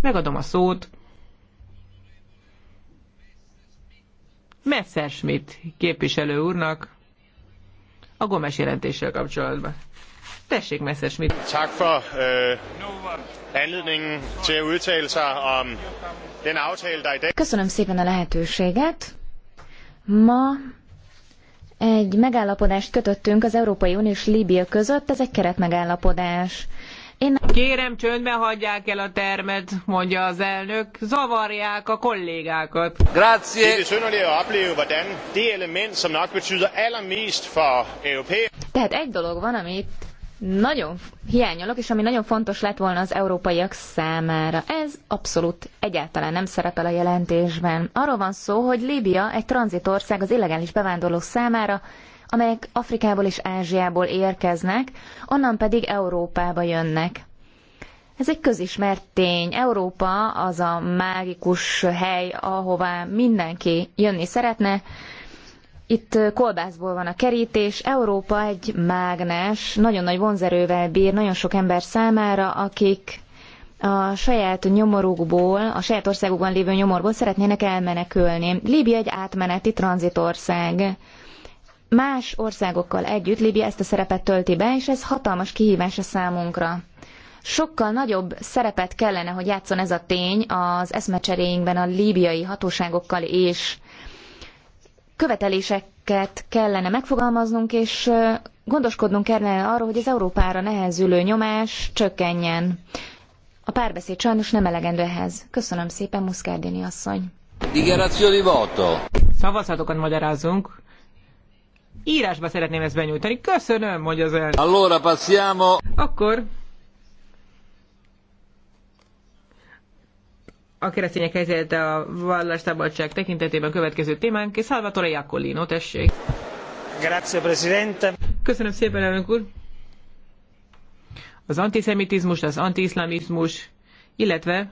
Megadom a szót. Messerschmidt képviselő úrnak a Gomes jelentéssel kapcsolatban. Tessék, Messerschmidt. Tak for uh, anledningen til at udtale sig om den aftale, der er i dag... Köszönöm szépen a lehetőséget. Ma egy megállapodást kötöttünk az Európai Unió és Líbia között, ez egy keretmegállapodás. Én... Kérem, csöndben hagyják el a termet, mondja az elnök, zavarják a kollégákat. Grazie. Er er Tehát egy dolog van, amit nagyon hiányolok, és ami nagyon fontos lett volna az európaiak számára. Ez abszolút egyáltalán nem szerepel a jelentésben. Arról van szó, hogy Líbia egy tranzitország az illegális bevándorlók számára, amelyek Afrikából és Ázsiából érkeznek, onnan pedig Európába jönnek. Ez egy közismert tény. Európa az a mágikus hely, ahová mindenki jönni szeretne. Itt kolbászból van a kerítés. Európa egy mágnes, nagyon nagy vonzerővel bír nagyon sok ember számára, akik a saját nyomorukból, a saját országukban lévő nyomorból szeretnének elmenekülni. Líbia egy átmeneti tranzitország más országokkal együtt Líbia ezt a szerepet tölti be, és ez hatalmas kihívás a számunkra. Sokkal nagyobb szerepet kellene, hogy játszon ez a tény az eszmecseréinkben a líbiai hatóságokkal és követeléseket kellene megfogalmaznunk, és gondoskodnunk kellene arról, hogy az Európára nehezülő nyomás csökkenjen. A párbeszéd sajnos nem elegendő ehhez. Köszönöm szépen, Muszkárdini asszony. Dichiarazioni voto. Szavazatokat magyarázunk. Írásba szeretném ezt benyújtani. Köszönöm, hogy az el... Allora passiamo... Akkor... A keresztények helyzete a vallásszabadság tekintetében következő témánk. Salvatore Iacolino, tessék. Grazie, Presidente. Köszönöm szépen, elnök úr. Az antiszemitizmus, az antiszlamizmus, illetve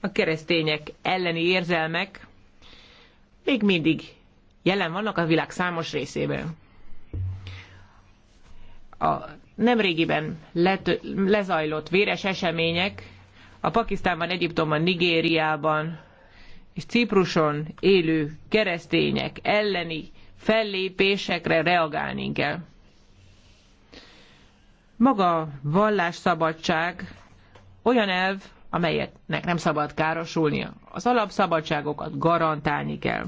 a keresztények elleni érzelmek még mindig jelen vannak a világ számos részében. A nemrégiben let, lezajlott véres események a Pakisztánban, Egyiptomban, Nigériában és Cipruson élő keresztények elleni fellépésekre reagálni kell. Maga vallásszabadság olyan elv, amelyetnek nem szabad károsulnia. Az alapszabadságokat garantálni kell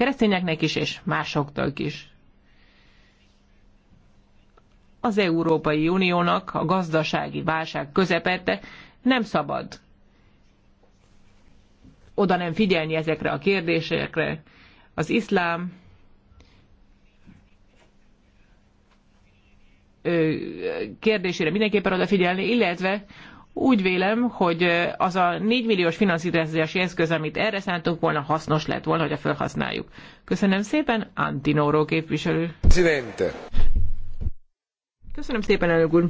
keresztényeknek is, és másoknak is. Az Európai Uniónak a gazdasági válság közepette nem szabad oda nem figyelni ezekre a kérdésekre. Az iszlám kérdésére mindenképpen odafigyelni, illetve úgy vélem, hogy az a 4 milliós finanszírozási eszköz, amit erre szántunk volna, hasznos lett volna, a felhasználjuk. Köszönöm szépen, Antinóró képviselő. Presidente. Köszönöm szépen, elnök úr.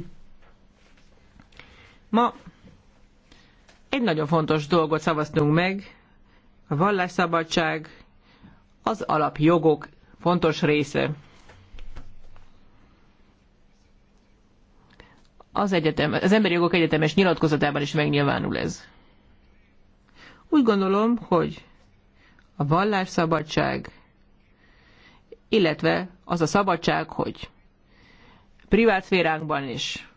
Ma egy nagyon fontos dolgot szavaztunk meg, a vallásszabadság az alapjogok fontos része. Az, egyetem, az Emberi Jogok Egyetemes nyilatkozatában is megnyilvánul ez. Úgy gondolom, hogy a vallásszabadság, illetve az a szabadság, hogy privát szféránkban is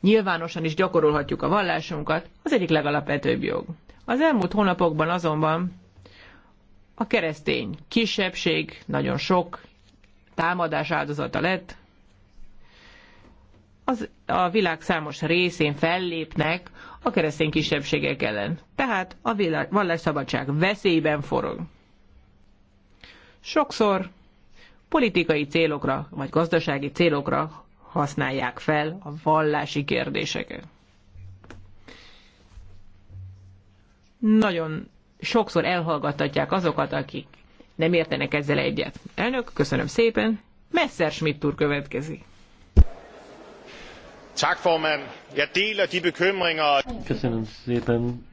nyilvánosan is gyakorolhatjuk a vallásunkat, az egyik legalapvetőbb jog. Az elmúlt hónapokban azonban a keresztény kisebbség nagyon sok támadás áldozata lett, az, a világ számos részén fellépnek a keresztény kisebbségek ellen. Tehát a világ, vallásszabadság veszélyben forog. Sokszor politikai célokra vagy gazdasági célokra használják fel a vallási kérdéseket. Nagyon sokszor elhallgattatják azokat, akik nem értenek ezzel egyet. Elnök, köszönöm szépen. Schmidt úr következik. Köszönöm szépen,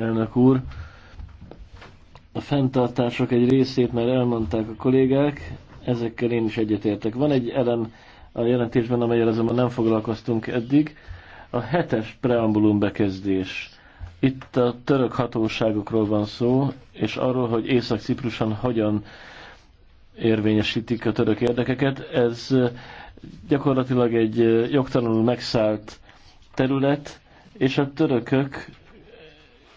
elnök úr. A fenntartások egy részét már elmondták a kollégák, ezekkel én is egyetértek. Van egy elem a jelentésben, amelyel azonban nem foglalkoztunk eddig, a hetes preambulum bekezdés. Itt a török hatóságokról van szó, és arról, hogy Észak-Cipruson hogyan érvényesítik a török érdekeket. Ez gyakorlatilag egy jogtalanul megszállt terület, és a törökök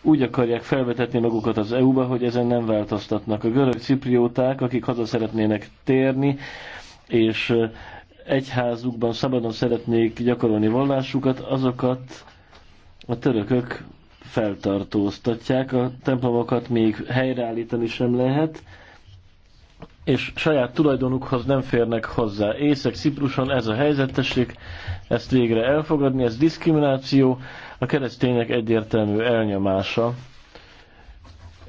úgy akarják felvetetni magukat az EU-ba, hogy ezen nem változtatnak. A görög ciprióták, akik haza szeretnének térni, és egyházukban szabadon szeretnék gyakorolni vallásukat, azokat a törökök feltartóztatják, a templomokat még helyreállítani sem lehet, és saját tulajdonukhoz nem férnek hozzá. Észak-Cipruson ez a helyzetesség, ezt végre elfogadni, ez diszkrimináció, a keresztények egyértelmű elnyomása.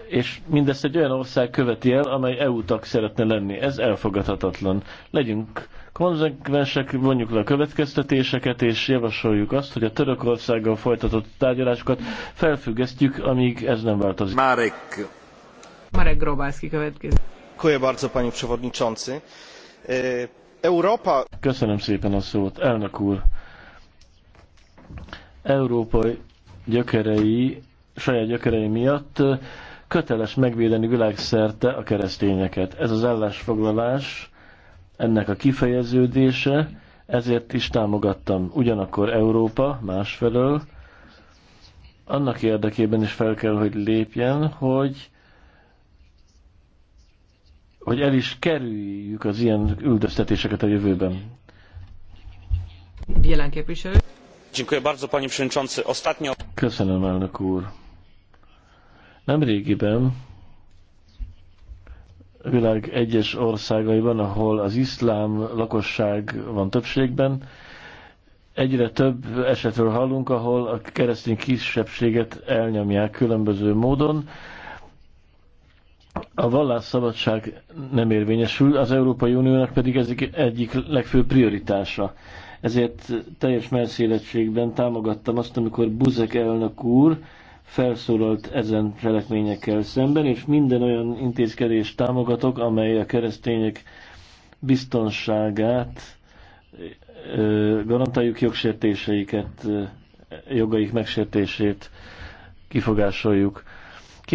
És mindezt egy olyan ország követi el, amely EU-tag szeretne lenni. Ez elfogadhatatlan. Legyünk konzekvensek, vonjuk le a következtetéseket, és javasoljuk azt, hogy a Törökországgal folytatott tárgyalásokat felfüggesztjük, amíg ez nem változik. Marek. Marek Grobászki következik. E, Köszönöm szépen a elnök úr. Európai gyökerei, saját gyökerei miatt köteles megvédeni világszerte a keresztényeket. Ez az állásfoglalás, ennek a kifejeződése, ezért is támogattam. Ugyanakkor Európa másfelől annak érdekében is fel kell, hogy lépjen, hogy hogy el is kerüljük az ilyen üldöztetéseket a jövőben. Jelen képviselő. Dziękuję bardzo, panie przewodniczący. Ostatnio... Köszönöm, elnök úr. Nemrégiben a világ egyes országaiban, ahol az iszlám lakosság van többségben, egyre több esetről hallunk, ahol a keresztény kisebbséget elnyomják különböző módon a vallásszabadság nem érvényesül, az Európai Uniónak pedig ez egyik legfőbb prioritása. Ezért teljes merszélettségben támogattam azt, amikor Buzek elnök úr felszólalt ezen cselekményekkel szemben, és minden olyan intézkedést támogatok, amely a keresztények biztonságát garantáljuk jogsértéseiket, jogaik megsértését kifogásoljuk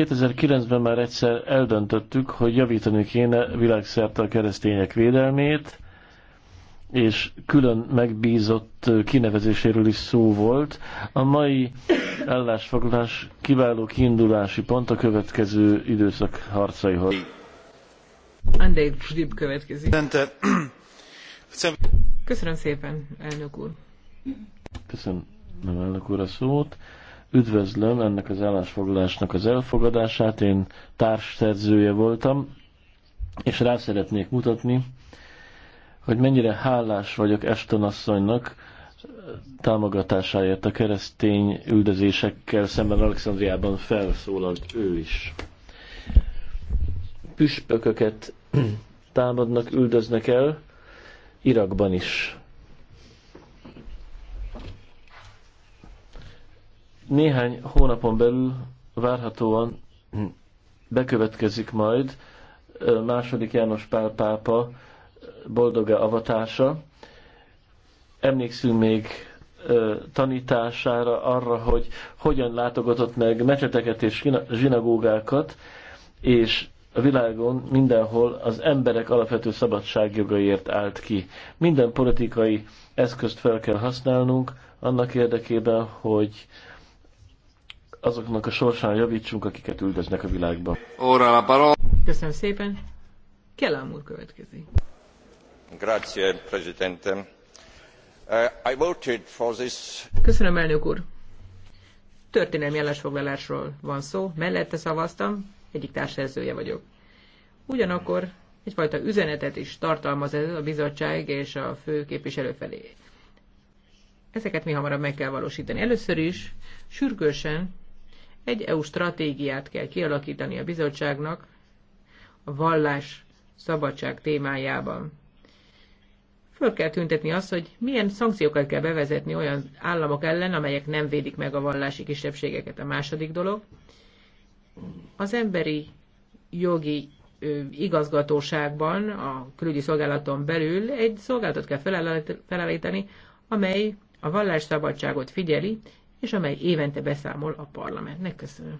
2009-ben már egyszer eldöntöttük, hogy javítani kéne világszerte a keresztények védelmét, és külön megbízott kinevezéséről is szó volt. A mai állásfoglalás kiváló kiindulási pont a következő időszak harcaihoz. Andrej Zsib következik. Köszönöm szépen, elnök úr. Köszönöm, elnök úr, a szót. Üdvözlöm ennek az állásfoglalásnak az elfogadását, én társszerzője voltam, és rá szeretnék mutatni, hogy mennyire hálás vagyok Eston asszonynak támogatásáért a keresztény üldözésekkel szemben Alexandriában felszólalt ő is. Püspököket támadnak, üldöznek el, Irakban is Néhány hónapon belül várhatóan bekövetkezik majd második János Pál pápa boldoga avatása. Emlékszünk még tanítására, arra, hogy hogyan látogatott meg mecseteket és zsinagógákat, és a világon mindenhol az emberek alapvető szabadságjogaiért állt ki. Minden politikai eszközt fel kell használnunk annak érdekében, hogy azoknak a sorsán javítsunk, akiket üldöznek a világban. Óra a parol. Köszönöm szépen. Kellem úr következik. Grazie, Presidente. Uh, I voted for this... Köszönöm, elnök úr. Történelmi állásfoglalásról van szó, mellette szavaztam, egyik társszerzője vagyok. Ugyanakkor egyfajta üzenetet is tartalmaz ez a bizottság és a fő képviselő felé. Ezeket mi hamarabb meg kell valósítani. Először is sürgősen egy EU stratégiát kell kialakítani a bizottságnak a vallás szabadság témájában. Föl kell tüntetni azt, hogy milyen szankciókat kell bevezetni olyan államok ellen, amelyek nem védik meg a vallási kisebbségeket. A második dolog, az emberi jogi igazgatóságban, a külügyi szolgálaton belül egy szolgálatot kell felállítani, amely a vallásszabadságot figyeli, és amely évente beszámol a parlamentnek. Köszönöm.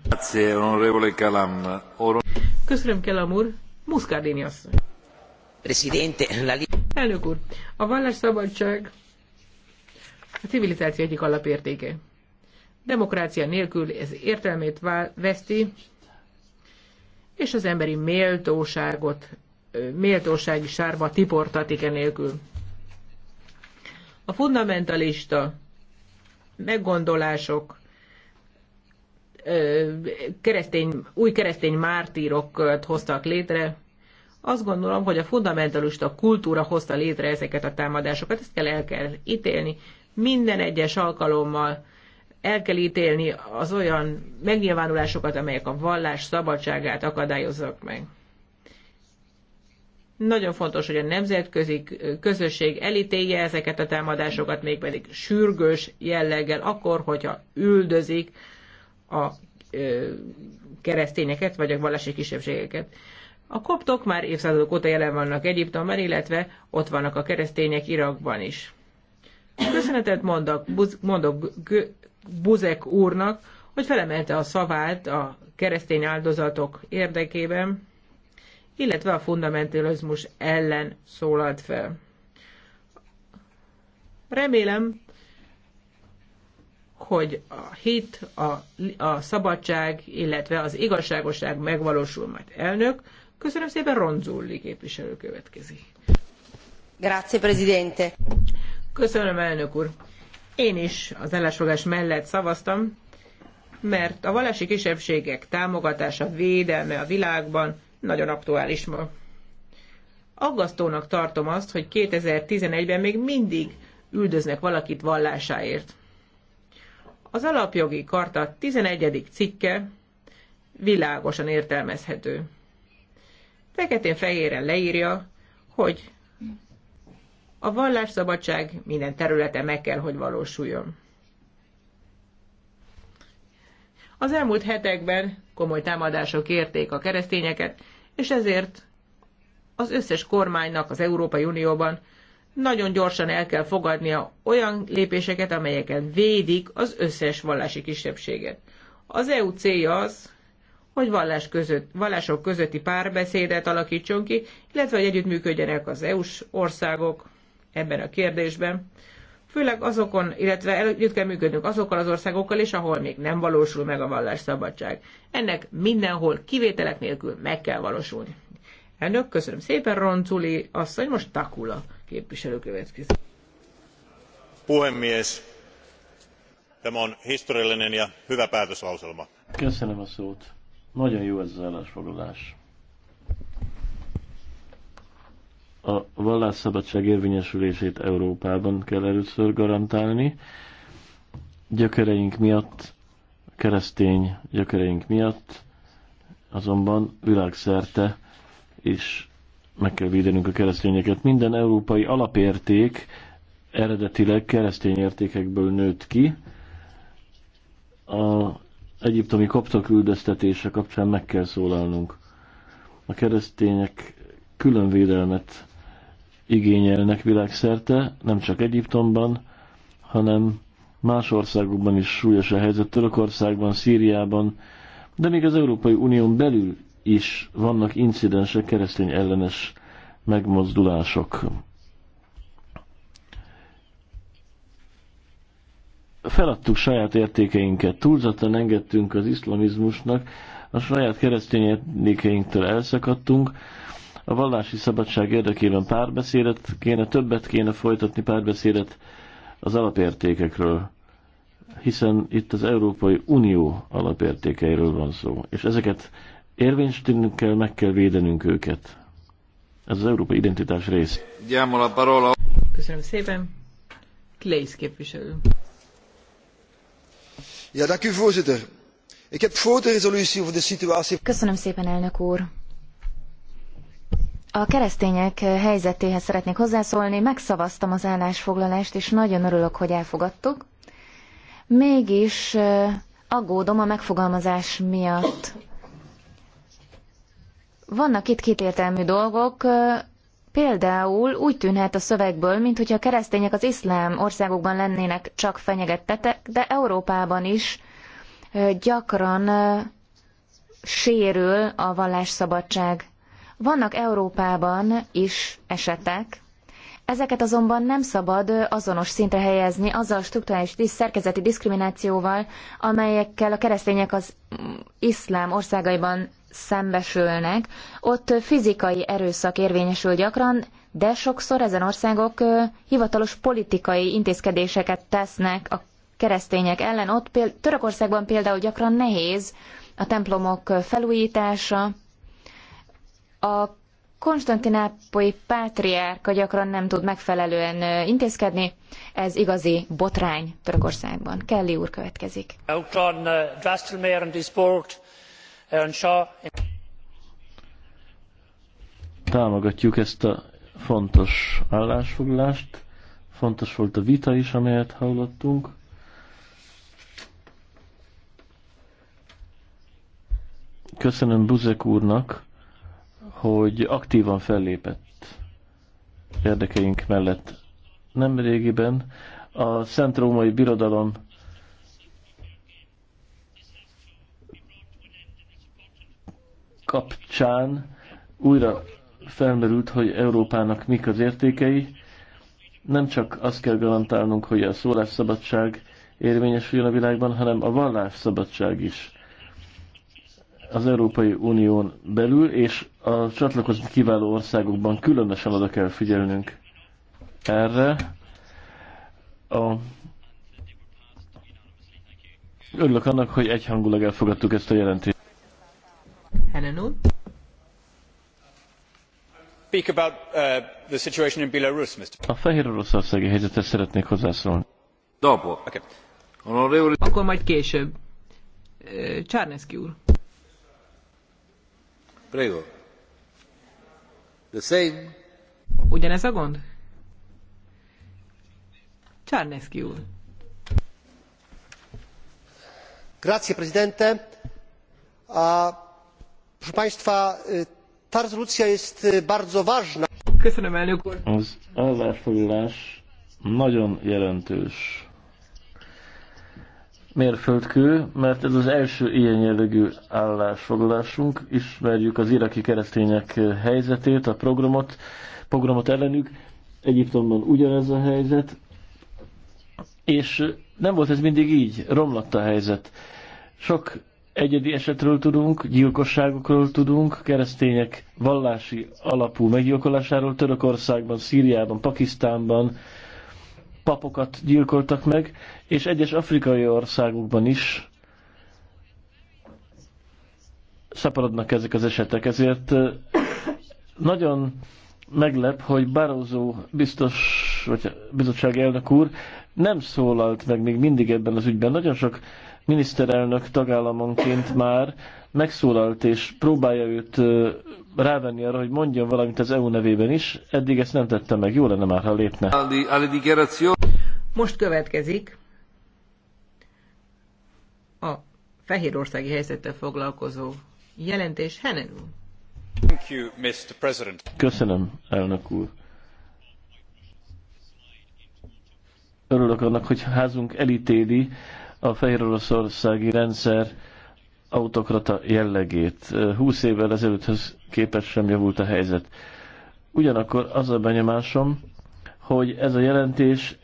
Köszönöm, Kellam úr. Muscardini asszony. Elnök úr, a vallásszabadság a civilizáció egyik alapértéke. Demokrácia nélkül ez értelmét veszti, és az emberi méltóságot, méltósági sárba tiportatik nélkül. A fundamentalista meggondolások, keresztény, új keresztény mártírokat hoztak létre. Azt gondolom, hogy a fundamentalista kultúra hozta létre ezeket a támadásokat, ezt kell el kell ítélni. Minden egyes alkalommal el kell ítélni az olyan megnyilvánulásokat, amelyek a vallás szabadságát akadályozzak meg. Nagyon fontos, hogy a nemzetközi közösség elítélje ezeket a támadásokat, mégpedig sürgős jelleggel, akkor, hogyha üldözik a keresztényeket, vagy a vallási kisebbségeket. A koptok már évszázadok óta jelen vannak Egyiptomban, illetve ott vannak a keresztények Irakban is. Köszönetet mondok, mondok Buzek úrnak, hogy felemelte a szavát a keresztény áldozatok érdekében, illetve a fundamentalizmus ellen szólalt fel. Remélem, hogy a hit, a, a szabadság, illetve az igazságosság megvalósul majd elnök. Köszönöm szépen, Zulli képviselő következik. Grazie, Presidente. Köszönöm, elnök úr. Én is az ellásfogás mellett szavaztam, mert a valási kisebbségek támogatása, védelme a világban nagyon aktuális ma. Aggasztónak tartom azt, hogy 2011-ben még mindig üldöznek valakit vallásáért. Az alapjogi karta 11. cikke világosan értelmezhető. Feketén-fehéren leírja, hogy a vallásszabadság minden területen meg kell, hogy valósuljon. Az elmúlt hetekben komoly támadások érték a keresztényeket, és ezért az összes kormánynak az Európai Unióban nagyon gyorsan el kell fogadnia olyan lépéseket, amelyeken védik az összes vallási kisebbséget. Az EU célja az, hogy vallás között, vallások közötti párbeszédet alakítson ki, illetve hogy együttműködjenek az EU-s országok ebben a kérdésben főleg azokon, illetve együtt kell működnünk azokkal az országokkal is, ahol még nem valósul meg a vallásszabadság. Ennek mindenhol kivételek nélkül meg kell valósulni. Elnök, köszönöm szépen, Ronculi asszony, most Takula képviselő következik. Puhemies, tämä on historiallinen ja hyvä päätöslauselma. Köszönöm a szót. Nagyon jó ez az állásfoglalás. a vallásszabadság érvényesülését Európában kell először garantálni. Gyökereink miatt, keresztény gyökereink miatt azonban világszerte is meg kell védenünk a keresztényeket. Minden európai alapérték eredetileg keresztény értékekből nőtt ki. A egyiptomi koptok üldöztetése kapcsán meg kell szólalnunk. A keresztények külön védelmet igényelnek világszerte, nem csak Egyiptomban, hanem más országokban is súlyos a helyzet, Törökországban, Szíriában, de még az Európai Unión belül is vannak incidensek, keresztény ellenes megmozdulások. Feladtuk saját értékeinket, túlzottan engedtünk az iszlamizmusnak, a saját keresztény értékeinktől elszakadtunk, a vallási szabadság érdekében párbeszédet kéne, többet kéne folytatni párbeszédet az alapértékekről, hiszen itt az Európai Unió alapértékeiről van szó, és ezeket érvényesítenünk kell, meg kell védenünk őket. Ez az európai identitás rész. Köszönöm szépen. Kleis képviselő. Ja, dank u voorzitter. Ik heb voor de resolutie over de situatie... Köszönöm szépen, elnök úr. A keresztények helyzetéhez szeretnék hozzászólni. Megszavaztam az állásfoglalást, és nagyon örülök, hogy elfogadtuk. Mégis aggódom a megfogalmazás miatt. Vannak itt kétértelmű dolgok, Például úgy tűnhet a szövegből, mintha a keresztények az iszlám országokban lennének csak fenyegettetek, de Európában is gyakran sérül a vallásszabadság. Vannak Európában is esetek, Ezeket azonban nem szabad azonos szintre helyezni azzal a és szerkezeti diszkriminációval, amelyekkel a keresztények az iszlám országaiban szembesülnek. Ott fizikai erőszak érvényesül gyakran, de sokszor ezen országok hivatalos politikai intézkedéseket tesznek a keresztények ellen. Ott például, Törökországban például gyakran nehéz a templomok felújítása, a konstantinápolyi pátriárka gyakran nem tud megfelelően intézkedni, ez igazi botrány Törökországban. Kelly úr következik. Támogatjuk ezt a fontos állásfoglalást. Fontos volt a vita is, amelyet hallottunk. Köszönöm Buzek úrnak, hogy aktívan fellépett érdekeink mellett. Nem régiben a Szent Római Birodalom kapcsán újra felmerült, hogy Európának mik az értékei. Nem csak azt kell garantálnunk, hogy a szólásszabadság érvényesüljön a világban, hanem a vallásszabadság is az Európai Unión belül, és a csatlakozni kiváló országokban különösen oda kell figyelnünk erre. A... Örülök annak, hogy egyhangulag elfogadtuk ezt a jelentést. Helen uh, A fehér oroszországi helyzetet szeretnék hozzászólni. Dopo. Akkor majd később. Csárneszki úr. Ugyanez a gond? Czarnecki úr. Grazie, Presidente. A, proszę Państwa, ta rezolucja jest bardzo ważna. Köszönöm, elnök úr. Az állásfoglalás nagyon jelentős mérföldkő, mert ez az első ilyen jellegű állásfoglalásunk. Ismerjük az iraki keresztények helyzetét, a programot, programot ellenük. Egyiptomban ugyanez a helyzet. És nem volt ez mindig így, romlott a helyzet. Sok egyedi esetről tudunk, gyilkosságokról tudunk, keresztények vallási alapú meggyilkolásáról Törökországban, Szíriában, Pakisztánban, papokat gyilkoltak meg, és egyes afrikai országokban is szaporodnak ezek az esetek. Ezért nagyon meglep, hogy Barózó biztos, vagy bizottság elnök úr nem szólalt meg még mindig ebben az ügyben. Nagyon sok miniszterelnök tagállamonként már megszólalt és próbálja őt rávenni arra, hogy mondjon valamit az EU nevében is. Eddig ezt nem tette meg, jó lenne már, ha lépne. Most következik a fehérországi helyzettel foglalkozó jelentés Henen úr. Köszönöm, elnök úr. Örülök annak, hogy házunk elítéli a fehér rendszer autokrata jellegét. Húsz évvel ezelőtthöz képest sem javult a helyzet. Ugyanakkor az a benyomásom, hogy ez a jelentés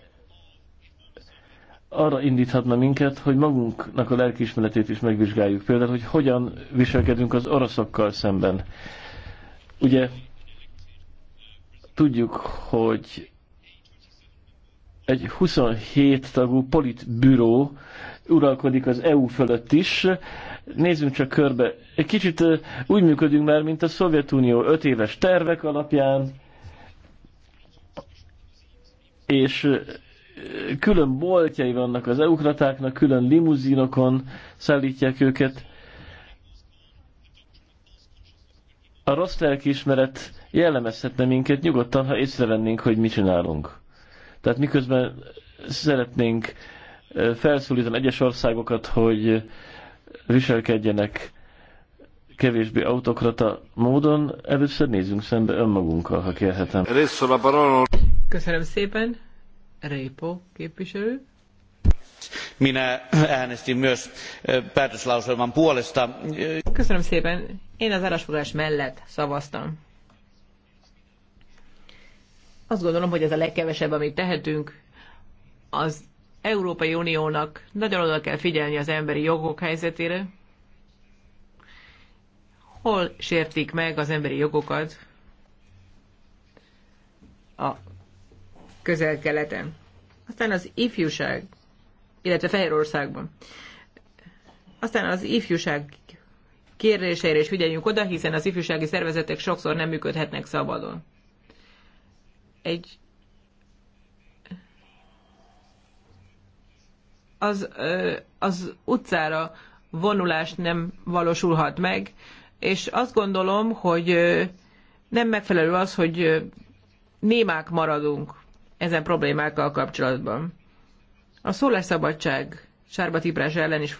arra indíthatna minket, hogy magunknak a lelkiismeretét is megvizsgáljuk. Például, hogy hogyan viselkedünk az oroszokkal szemben. Ugye tudjuk, hogy egy 27 tagú politbüró uralkodik az EU fölött is, Nézzünk csak körbe. Egy kicsit úgy működünk már, mint a Szovjetunió öt éves tervek alapján, és külön boltjai vannak az eukratáknak, külön limuzinokon szállítják őket. A rossz lelkiismeret jellemezhetne minket nyugodtan, ha észrevennénk, hogy mit csinálunk. Tehát miközben szeretnénk felszólítani egyes országokat, hogy viselkedjenek kevésbé autokrata módon. Először nézzünk szembe önmagunkkal, ha kérhetem. Köszönöm szépen. Répo képviselő. Minä äänestin myös päätöslauselman puolesta. Köszönöm szépen. Én az állásfoglalás mellett szavaztam. Azt gondolom, hogy ez a legkevesebb, amit tehetünk. Az Európai Uniónak nagyon oda kell figyelni az emberi jogok helyzetére. Hol sértik meg az emberi jogokat a közel-keleten? Aztán az ifjúság, illetve Fehérországban. Aztán az ifjúság kérdéseire is figyeljünk oda, hiszen az ifjúsági szervezetek sokszor nem működhetnek szabadon. Egy az, az utcára vonulás nem valósulhat meg, és azt gondolom, hogy nem megfelelő az, hogy némák maradunk ezen problémákkal kapcsolatban. A szólásszabadság Sárba Tibrás ellen is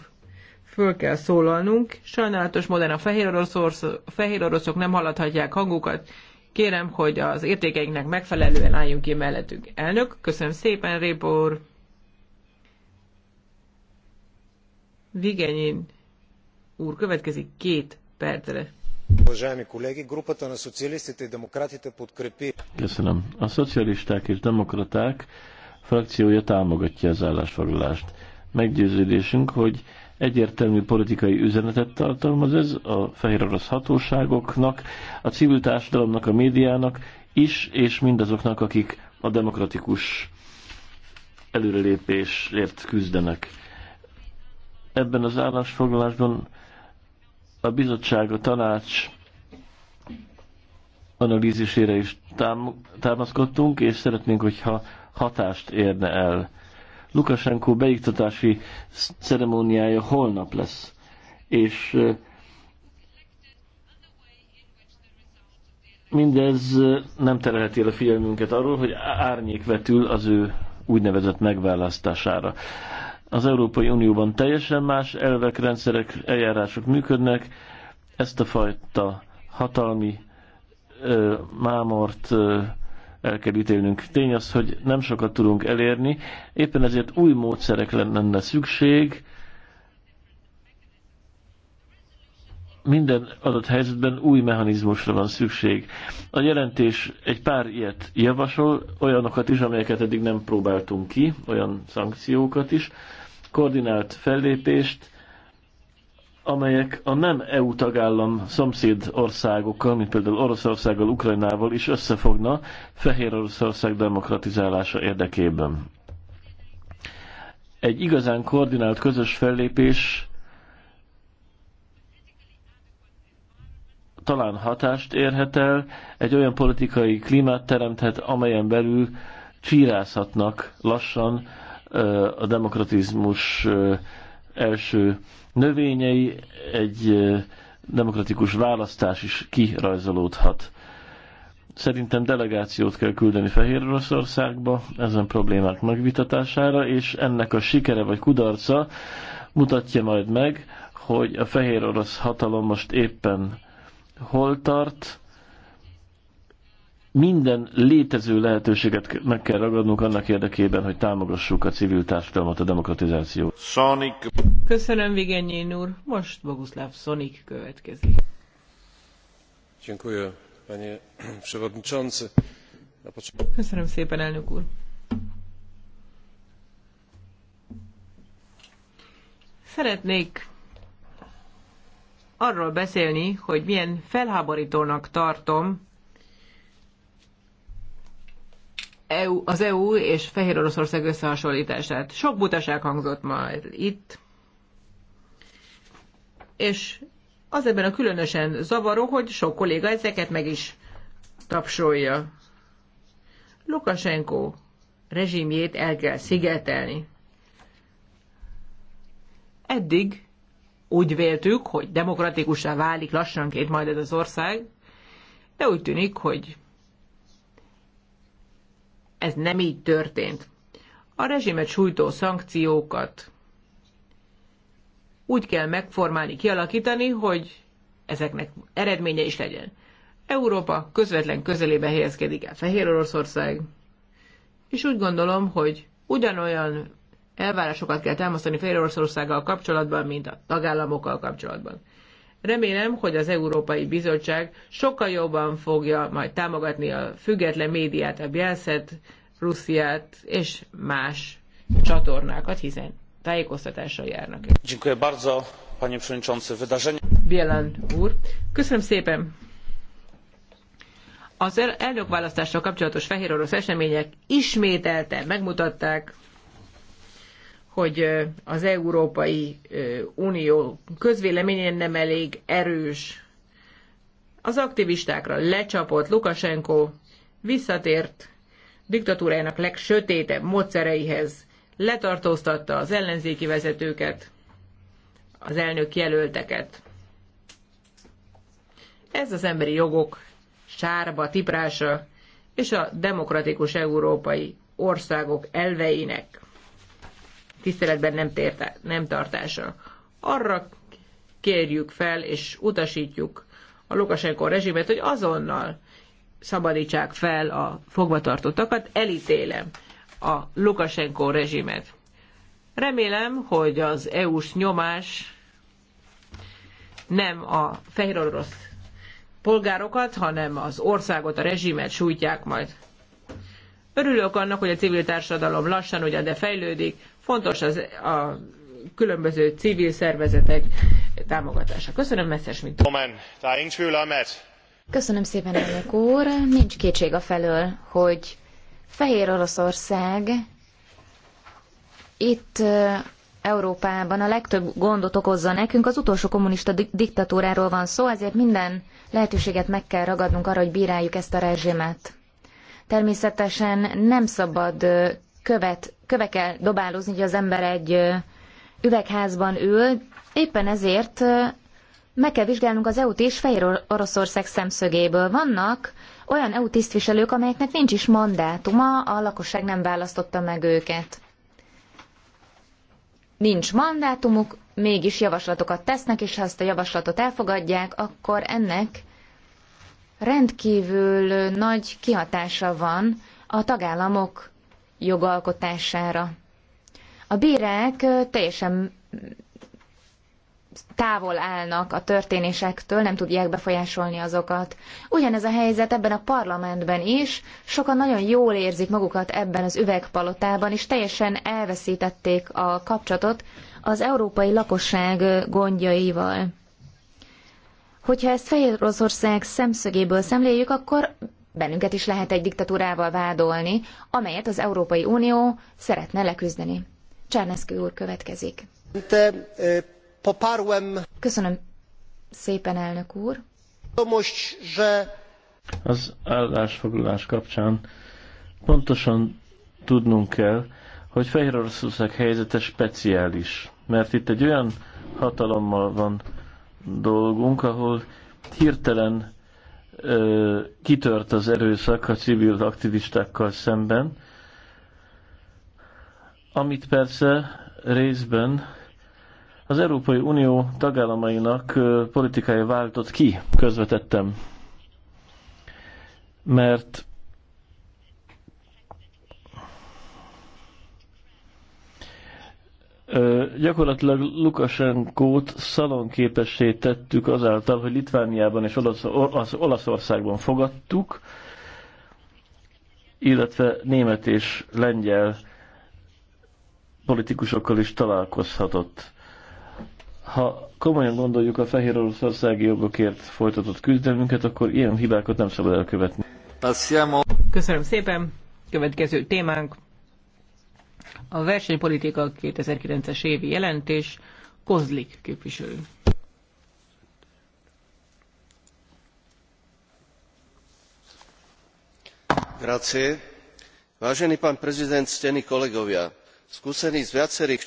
föl kell szólalnunk. Sajnálatos modern a fehér, orosz, fehér oroszok nem hallathatják hangukat. Kérem, hogy az értékeinknek megfelelően álljunk ki mellettük. Elnök, köszönöm szépen, Répor! Vigenyin úr következik két percre. Köszönöm. A szocialisták és demokraták frakciója támogatja az állásfoglalást. Meggyőződésünk, hogy egyértelmű politikai üzenetet tartalmaz ez a fehér orosz hatóságoknak, a civil társadalomnak, a médiának is, és mindazoknak, akik a demokratikus előrelépésért küzdenek ebben az állásfoglalásban a bizottság, a tanács analízisére is tám- támaszkodtunk, és szeretnénk, hogyha hatást érne el. Lukasenko beiktatási ceremóniája holnap lesz, és mindez nem terelheti el a figyelmünket arról, hogy árnyék vetül az ő úgynevezett megválasztására. Az Európai Unióban teljesen más elvek, rendszerek, eljárások működnek. Ezt a fajta hatalmi ö, mámort ö, el kell ítélnünk. Tény az, hogy nem sokat tudunk elérni, éppen ezért új módszerek lenne szükség, minden adott helyzetben új mechanizmusra van szükség. A jelentés egy pár ilyet javasol, olyanokat is, amelyeket eddig nem próbáltunk ki, olyan szankciókat is, koordinált fellépést, amelyek a nem EU tagállam szomszéd országokkal, mint például Oroszországgal, Ukrajnával is összefogna Fehér Oroszország demokratizálása érdekében. Egy igazán koordinált közös fellépés talán hatást érhet el, egy olyan politikai klímát teremthet, amelyen belül csírázhatnak lassan a demokratizmus első növényei, egy demokratikus választás is kirajzolódhat. Szerintem delegációt kell küldeni Fehér Oroszországba ezen problémák megvitatására, és ennek a sikere vagy kudarca mutatja majd meg, hogy a fehér orosz hatalom most éppen hol tart. Minden létező lehetőséget meg kell ragadnunk annak érdekében, hogy támogassuk a civil társadalmat, a demokratizációt. Sonic. Köszönöm, Vigenyén úr. Most Boguslav Sonic következik. Dziękuję, panie przewodniczący. Köszönöm szépen, elnök úr. Szeretnék arról beszélni, hogy milyen felháborítónak tartom EU, az EU és Fehér Oroszország összehasonlítását. Sok butaság hangzott ma itt, és az ebben a különösen zavaró, hogy sok kolléga ezeket meg is tapsolja. Lukasenko rezsimjét el kell szigetelni. Eddig úgy véltük, hogy demokratikusá válik lassanként majd ez az ország, de úgy tűnik, hogy ez nem így történt. A rezsimet sújtó szankciókat úgy kell megformálni, kialakítani, hogy ezeknek eredménye is legyen. Európa közvetlen közelébe helyezkedik el Fehér Oroszország, és úgy gondolom, hogy ugyanolyan elvárásokat kell támasztani Félországgal kapcsolatban, mint a tagállamokkal kapcsolatban. Remélem, hogy az Európai Bizottság sokkal jobban fogja majd támogatni a független médiát, a Bielszet, Russziát és más csatornákat, hiszen tájékoztatással járnak. Dziękuję bardzo, panie przewodniczący. Wydarzenie... Bielan úr, köszönöm szépen. Az elnökválasztással kapcsolatos fehér orosz események ismételten megmutatták, hogy az Európai Unió közvéleményén nem elég erős. Az aktivistákra lecsapott Lukashenko visszatért diktatúrájának legsötétebb módszereihez, letartóztatta az ellenzéki vezetőket, az elnök jelölteket. Ez az emberi jogok sárba tiprása és a demokratikus európai országok elveinek tiszteletben nem, térte, nem tartása. Arra kérjük fel és utasítjuk a Lukasenko rezsimet, hogy azonnal szabadítsák fel a fogvatartottakat, elítélem a Lukasenko rezsimet. Remélem, hogy az EU-s nyomás nem a fehér orosz polgárokat, hanem az országot, a rezsimet sújtják majd. Örülök annak, hogy a civil társadalom lassan ugyan de fejlődik, Fontos az, a különböző civil szervezetek támogatása. Köszönöm, Messzes, mint Köszönöm szépen, elnök úr. Nincs kétség a felől, hogy Fehér Oroszország itt Európában a legtöbb gondot okozza nekünk. Az utolsó kommunista diktatúráról van szó, ezért minden lehetőséget meg kell ragadnunk arra, hogy bíráljuk ezt a rezsimet. Természetesen nem szabad követ kövekkel dobálózni, hogy az ember egy üvegházban ül. Éppen ezért meg kell vizsgálnunk az EU-t és Fehér Oroszország szemszögéből. Vannak olyan EU tisztviselők, amelyeknek nincs is mandátuma, a lakosság nem választotta meg őket. Nincs mandátumuk, mégis javaslatokat tesznek, és ha ezt a javaslatot elfogadják, akkor ennek rendkívül nagy kihatása van a tagállamok jogalkotására. A bírák teljesen távol állnak a történésektől, nem tudják befolyásolni azokat. Ugyanez a helyzet ebben a parlamentben is, sokan nagyon jól érzik magukat ebben az üvegpalotában, és teljesen elveszítették a kapcsolatot az európai lakosság gondjaival. Hogyha ezt Fehér szemszögéből szemléljük, akkor bennünket is lehet egy diktatúrával vádolni, amelyet az Európai Unió szeretne leküzdeni. Csárneszkő úr következik. Köszönöm szépen, elnök úr. Az állásfoglalás kapcsán pontosan tudnunk kell, hogy Fehér Oroszország helyzete speciális, mert itt egy olyan hatalommal van dolgunk, ahol hirtelen kitört az erőszak a civil aktivistákkal szemben, amit persze részben az Európai Unió tagállamainak politikája váltott ki, közvetettem, mert gyakorlatilag Lukasenkót szalonképessé tettük azáltal, hogy Litvániában és Olasz, Olaszországban fogadtuk, illetve német és lengyel politikusokkal is találkozhatott. Ha komolyan gondoljuk a fehér oroszországi jogokért folytatott küzdelmünket, akkor ilyen hibákat nem szabad elkövetni. Köszönöm szépen! Következő témánk a versenypolitika 2009-es évi jelentés Kozlik képviselő. Grazie. Vážený pán prezident, stení kolegovia, skúsení z viacerých...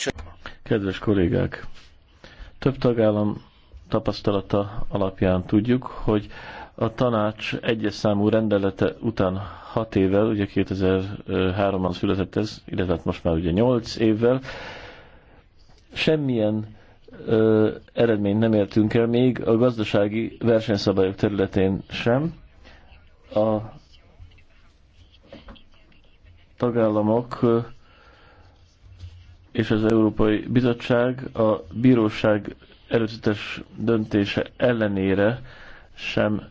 Kedves kollégák, több tagállam tapasztalata alapján tudjuk, hogy a tanács egyes számú rendelete után 6 évvel, ugye 2003-ban született ez, illetve hát most már ugye 8 évvel, semmilyen ö, eredményt nem értünk el, még a gazdasági versenyszabályok területén sem. A tagállamok ö, és az Európai Bizottság a bíróság előzetes döntése ellenére sem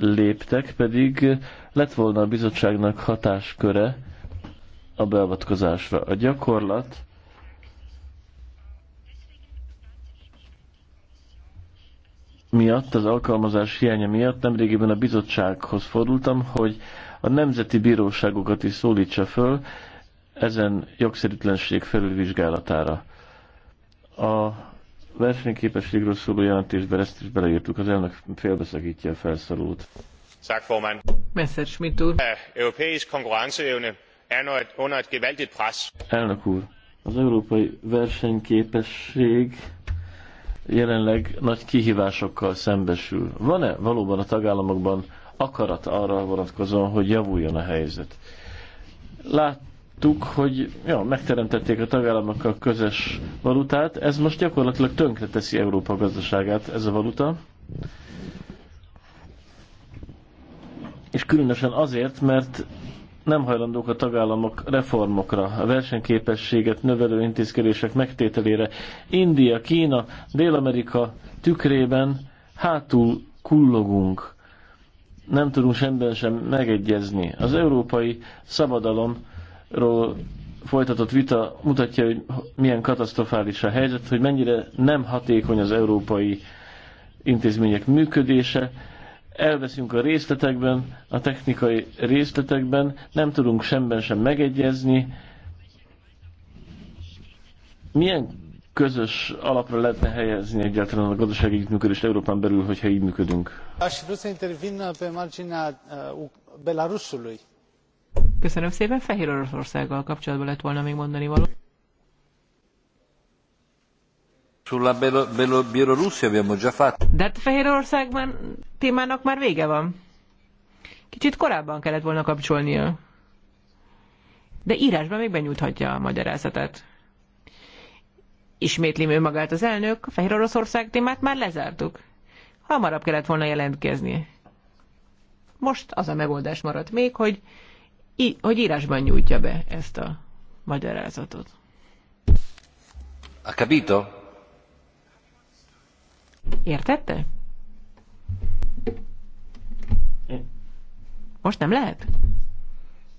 léptek, pedig lett volna a bizottságnak hatásköre a beavatkozásra. A gyakorlat miatt, az alkalmazás hiánya miatt nemrégiben a bizottsághoz fordultam, hogy a nemzeti bíróságokat is szólítsa föl ezen jogszerűtlenség felülvizsgálatára. A versenyképességről szóló jelentésben ezt is beleírtuk, az elnök félbeszakítja a felszorult. Messerschmidt úr. Europæisk konkurrenceevne er under et gevaldigt Elnök úr, az európai versenyképesség jelenleg nagy kihívásokkal szembesül. Van-e valóban a tagállamokban akarat arra vonatkozóan, hogy javuljon a helyzet? Lát, láttuk, hogy ja, megteremtették a tagállamokkal közös valutát, ez most gyakorlatilag tönkreteszi Európa gazdaságát, ez a valuta. És különösen azért, mert nem hajlandók a tagállamok reformokra, a versenyképességet növelő intézkedések megtételére. India, Kína, Dél-Amerika tükrében hátul kullogunk. Nem tudunk semben sem megegyezni. Az európai szabadalom ról folytatott vita mutatja, hogy milyen katasztrofális a helyzet, hogy mennyire nem hatékony az európai intézmények működése. Elveszünk a részletekben, a technikai részletekben, nem tudunk semben sem megegyezni. Milyen közös alapra lehetne helyezni egyáltalán a gazdasági együttműködést Európán belül, hogyha így működünk? Aș vrea să intervin pe marginea uh, Belarusului Köszönöm szépen. Fehér Oroszországgal kapcsolatban lett volna még mondani való. Sulla Bielorussia abbiamo già fatto. De hát témának már vége van. Kicsit korábban kellett volna kapcsolnia. De írásban még benyújthatja a magyarázatát. Ismétli ő magát az elnök, Fehér Oroszország témát már lezártuk. Hamarabb kellett volna jelentkezni. Most az a megoldás maradt még, hogy hogy írásban nyújtja be ezt a magyarázatot. A capito? Értette? Most nem lehet?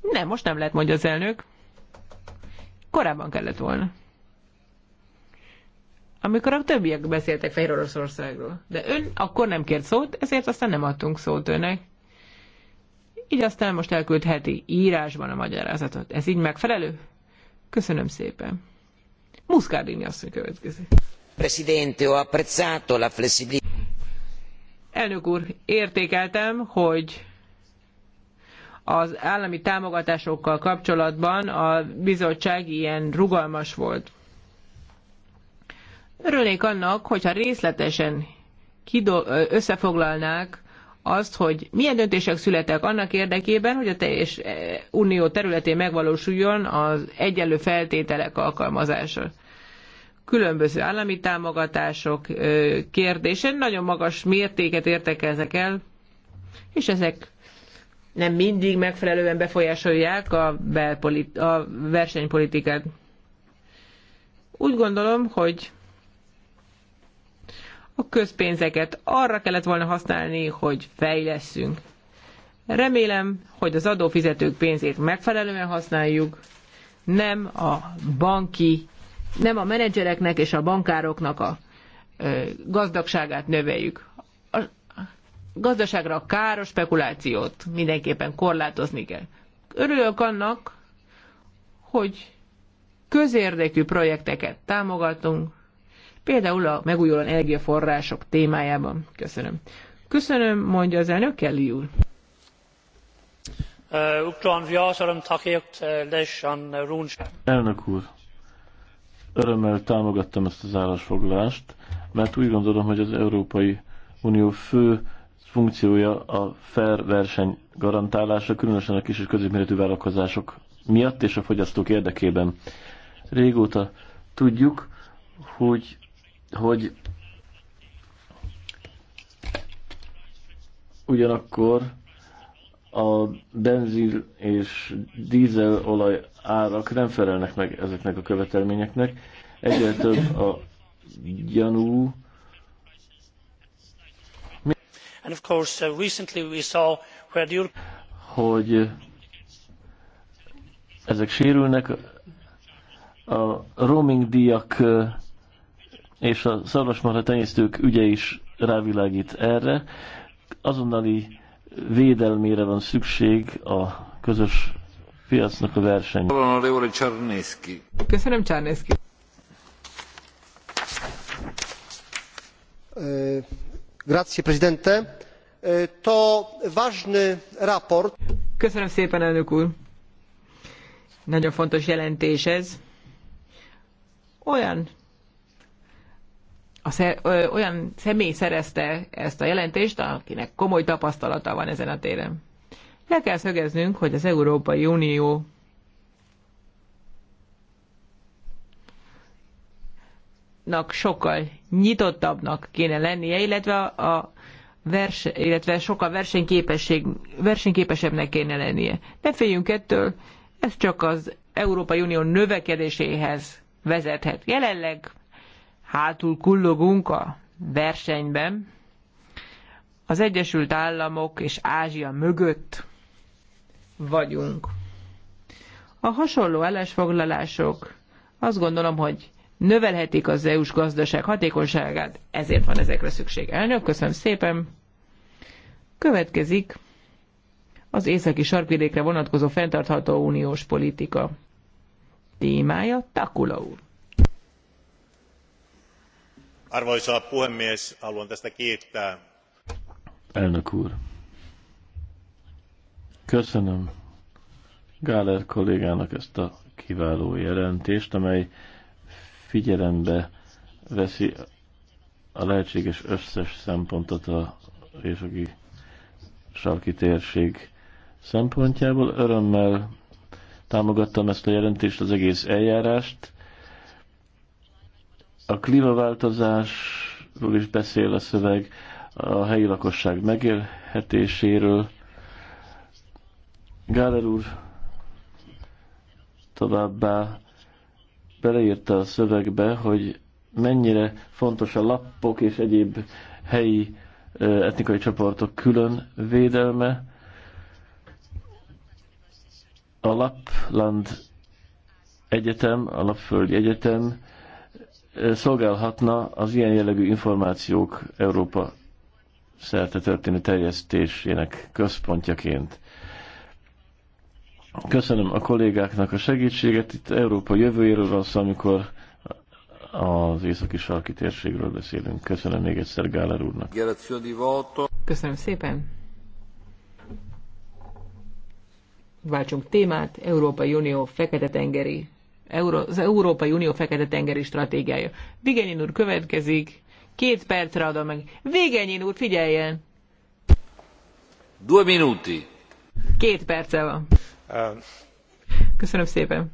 Nem, most nem lehet, mondja az elnök. Korábban kellett volna. Amikor a többiek beszéltek Fehér Oroszországról. De ön akkor nem kért szót, ezért aztán nem adtunk szót önnek így aztán most elküldheti írásban a magyarázatot. Ez így megfelelő? Köszönöm szépen. Muscardini asszony következik. Presidente, ho apprezzato la flessibilità. Elnök úr, értékeltem, hogy az állami támogatásokkal kapcsolatban a bizottság ilyen rugalmas volt. Örülnék annak, hogyha részletesen összefoglalnák azt, hogy milyen döntések születtek annak érdekében, hogy a teljes eh, unió területén megvalósuljon az egyenlő feltételek alkalmazása. Különböző állami támogatások eh, kérdése nagyon magas mértéket értek ezek el, és ezek nem mindig megfelelően befolyásolják a, belpolit- a versenypolitikát. Úgy gondolom, hogy a közpénzeket arra kellett volna használni, hogy fejleszünk. Remélem, hogy az adófizetők pénzét megfelelően használjuk, nem a banki, nem a menedzsereknek és a bankároknak a gazdagságát növeljük. A gazdaságra a káros spekulációt mindenképpen korlátozni kell. Örülök annak, hogy közérdekű projekteket támogatunk, például a megújuló energiaforrások témájában. Köszönöm. Köszönöm, mondja az elnök Kelly úr. Elnök úr, örömmel támogattam ezt az állásfoglalást, mert úgy gondolom, hogy az Európai Unió fő funkciója a fair verseny garantálása, különösen a kis és középméretű vállalkozások miatt és a fogyasztók érdekében. Régóta tudjuk, hogy hogy ugyanakkor a benzil és dízelolaj árak nem felelnek meg ezeknek a követelményeknek. Egyre több a gyanú. And of course, uh, recently we saw where the Europe... hogy ezek sérülnek, a roaming díjak és a szarvasmarha tenyésztők ügye is rávilágít erre. Azonnali védelmére van szükség a közös piacnak a verseny. Köszönöm, Csárnészki. E, grazie, Presidente. E, to ważny raport. Köszönöm szépen, elnök úr. Nagyon fontos jelentés ez. Olyan a szer, ö, olyan személy szerezte ezt a jelentést, akinek komoly tapasztalata van ezen a téren. Le kell szögeznünk, hogy az Európai Unió sokkal nyitottabbnak kéne lennie, illetve a vers, illetve sokkal versenyképesség, versenyképesebbnek kéne lennie. Ne féljünk ettől, ez csak az Európai Unió növekedéséhez vezethet. Jelenleg hátul kullogunk a versenyben, az Egyesült Államok és Ázsia mögött vagyunk. A hasonló ellensfoglalások azt gondolom, hogy növelhetik az EU-s gazdaság hatékonyságát, ezért van ezekre szükség. Elnök, köszönöm szépen. Következik az északi sarkvidékre vonatkozó fenntartható uniós politika témája, Takula úr arvoisa puhemies haluan tästä kiittää. elnök úr köszönöm gahler kollégának ezt a kiváló jelentést, amely figyelembe veszi a lehetséges összes szempontot a északi sarki térség szempontjából. Örömmel támogattam ezt a jelentést, az egész eljárást a klímaváltozásról is beszél a szöveg, a helyi lakosság megélhetéséről. Gáler úr továbbá beleírta a szövegbe, hogy mennyire fontos a lappok és egyéb helyi etnikai csoportok külön védelme. A Lapland Egyetem, a Lapföldi Egyetem szolgálhatna az ilyen jellegű információk Európa szerte történő terjesztésének központjaként. Köszönöm a kollégáknak a segítséget. Itt Európa jövőjéről van szó, amikor az északi sarki térségről beszélünk. Köszönöm még egyszer Gáler úrnak. Köszönöm szépen. Váltsunk témát. Európai Unió Fekete-tengeri az Európai Unió Fekete-tengeri stratégiája. Vigenyin úr következik, két percre adom meg. Vigenyin úr, figyeljen! Due minuti. Két perce van. Köszönöm szépen.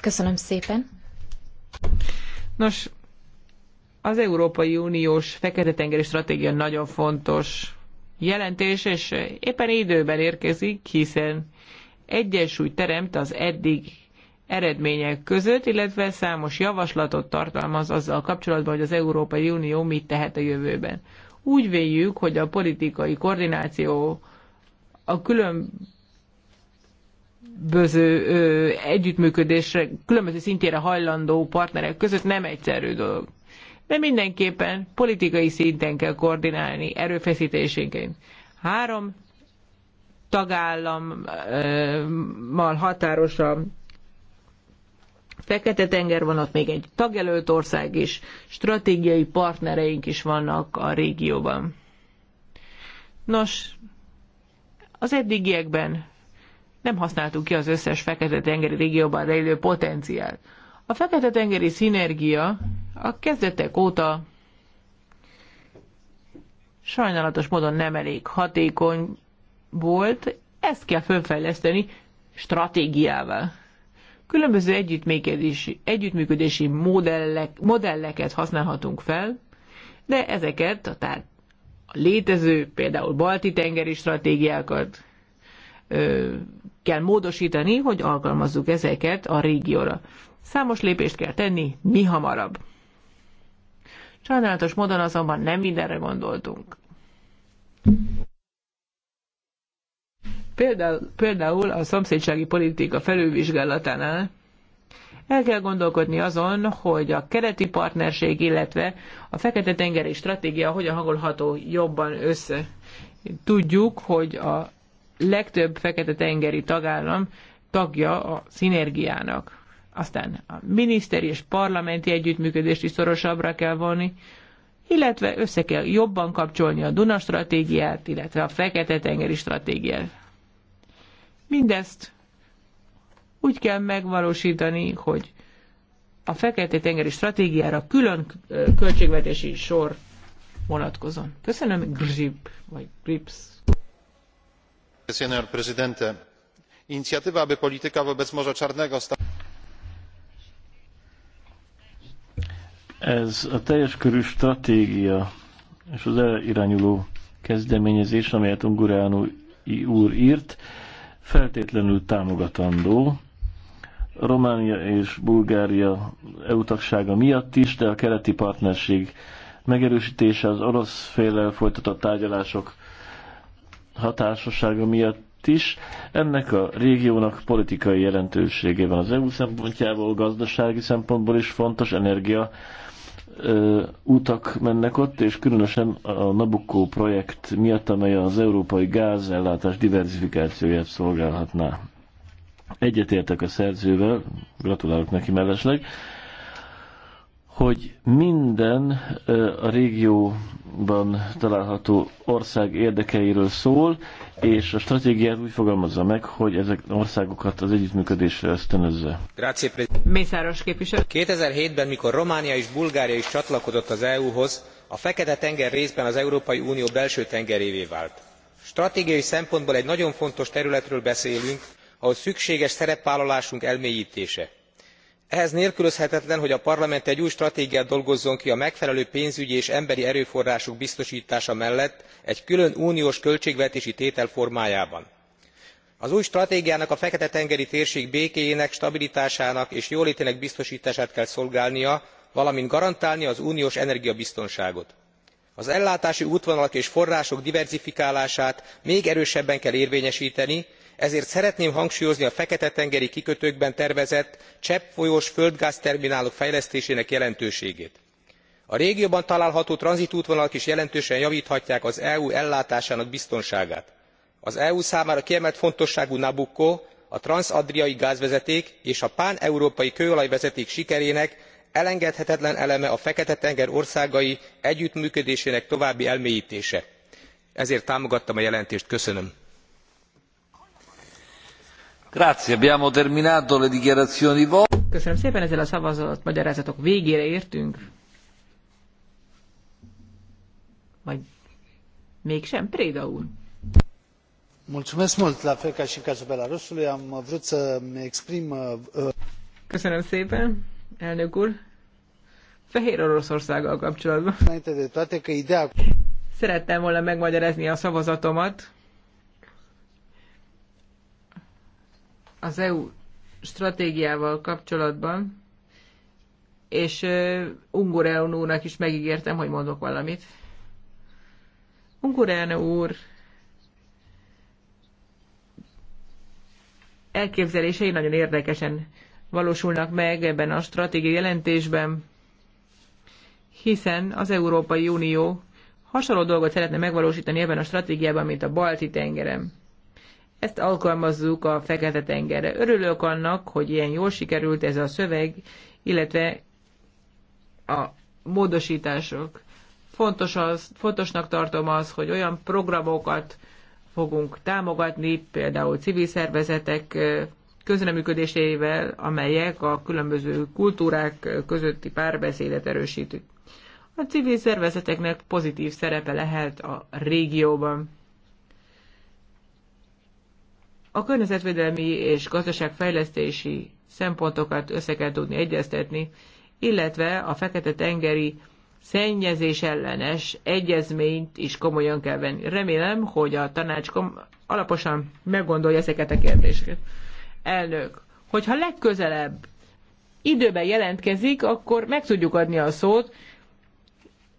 Köszönöm szépen. Nos, az Európai Uniós Fekete-tengeri Stratégia nagyon fontos jelentés, és éppen időben érkezik, hiszen egyensúly teremt az eddig eredmények között, illetve számos javaslatot tartalmaz azzal kapcsolatban, hogy az Európai Unió mit tehet a jövőben. Úgy véljük, hogy a politikai koordináció a különböző ö, együttműködésre, különböző szintjére hajlandó partnerek között nem egyszerű dolog. De mindenképpen politikai szinten kell koordinálni erőfeszítésénként. Három tagállammal határos a Fekete-tenger van, ott még egy tagjelölt ország is, stratégiai partnereink is vannak a régióban. Nos, az eddigiekben nem használtuk ki az összes Fekete-tengeri régióban rejlő potenciált. A Fekete-tengeri szinergia a kezdetek óta sajnálatos módon nem elég hatékony, volt, ezt kell felfejleszteni stratégiával. Különböző együttműködési, együttműködési modellek, modelleket használhatunk fel, de ezeket a, tár, a létező, például balti-tengeri stratégiákat ö, kell módosítani, hogy alkalmazzuk ezeket a régióra. Számos lépést kell tenni, mi hamarabb. Sajnálatos módon azonban nem mindenre gondoltunk. Például, például a szomszédsági politika felülvizsgálatánál el kell gondolkodni azon, hogy a kereti partnerség, illetve a Fekete-tengeri stratégia hogyan hangolható jobban össze. Tudjuk, hogy a legtöbb Fekete-tengeri tagállam tagja a szinergiának. Aztán a miniszteri és parlamenti együttműködést is szorosabbra kell vonni, illetve össze kell jobban kapcsolni a Duna stratégiát, illetve a Fekete-tengeri stratégiát. Mindezt úgy kell megvalósítani, hogy a Fekete-tengeri stratégiára külön költségvetési sor vonatkozon. Köszönöm, Grip, vagy Grips. Köszönöm, Presidente, inicjatywa, aby polityka wobec Morza Czarnego stała Ez a teljes körű stratégia és az elirányuló kezdeményezés, amelyet Ungureanu úr írt, feltétlenül támogatandó. Románia és Bulgária eu miatt is, de a keleti partnerség megerősítése az orosz félel folytatott tárgyalások hatásossága miatt is. Ennek a régiónak politikai jelentősége van az EU szempontjából, gazdasági szempontból is fontos, energia ö, utak mennek ott, és különösen a Nabucco projekt miatt, amely az európai gázellátás diversifikációját szolgálhatná. Egyetértek a szerzővel, gratulálok neki mellesleg, hogy minden a régióban található ország érdekeiről szól, és a stratégiát úgy fogalmazza meg, hogy ezek országokat az együttműködésre ösztönözze. Mészáros képviselő. 2007-ben, mikor Románia és Bulgária is csatlakozott az EU-hoz, a Fekete-tenger részben az Európai Unió belső tengerévé vált. Stratégiai szempontból egy nagyon fontos területről beszélünk, ahol szükséges szerepvállalásunk elmélyítése ehhez nélkülözhetetlen hogy a parlament egy új stratégiát dolgozzon ki a megfelelő pénzügyi és emberi erőforrások biztostása mellett egy külön uniós költségvetési tétel formájában. az új stratégiának a fekete tengeri térség békéjének stabilitásának és jólétének biztostását kell szolgálnia valamint garantálnia az uniós energiabiztonságot. az ellátási útvonalak és források diverzifikálását még erősebben kell érvényesteni ezért szeretném hangsúlyozni a fekete tengeri kikötőkben tervezett cseppfolyós földgázterminálok fejlesztésének jelentőségét. a régióban található tranzitútvonalak is jelentősen javthatják az eu ellátásának biztonságát. az eu számára kiemelt fontosságú nabucco a transzadriai gázvezeték és a páneurópai kőolajvezeték sikerének elengedhetetlen eleme a fekete tenger országai együttműködésének további elmélytése. ezért támogattam a jelentést köszönöm. Köszönöm szépen, ezzel a szavazat magyarázatok végére értünk. Vagy mégsem, Préda úr. Uh, uh, Köszönöm szépen, elnök úr. Fehér Oroszországgal kapcsolatban. Szerettem volna megmagyarázni a szavazatomat, az EU stratégiával kapcsolatban, és uh, Ungureanu úrnak is megígértem, hogy mondok valamit. Ungureanu úr elképzelései nagyon érdekesen valósulnak meg ebben a stratégiai jelentésben, hiszen az Európai Unió hasonló dolgot szeretne megvalósítani ebben a stratégiában, mint a Balti tengeren. Ezt alkalmazzuk a Fekete-tengerre. Örülök annak, hogy ilyen jól sikerült ez a szöveg, illetve a módosítások. Fontos az, fontosnak tartom az, hogy olyan programokat fogunk támogatni, például civil szervezetek közreműködésével, amelyek a különböző kultúrák közötti párbeszédet erősítik. A civil szervezeteknek pozitív szerepe lehet a régióban. A környezetvédelmi és gazdaságfejlesztési szempontokat össze kell tudni egyeztetni, illetve a Fekete-tengeri szennyezés ellenes egyezményt is komolyan kell venni. Remélem, hogy a tanács alaposan meggondolja ezeket a kérdéseket. Elnök, hogyha legközelebb időben jelentkezik, akkor meg tudjuk adni a szót,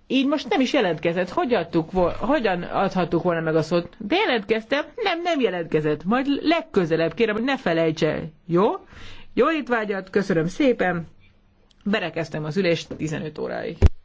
így most nem is jelentkezett. Hogy adtuk, hogyan adhattuk volna meg a szót? De jelentkeztem? Nem, nem jelentkezett. Majd legközelebb kérem, hogy ne felejtse Jó, Jó? Jó étvágyat, köszönöm szépen. Berekeztem az ülést 15 óráig.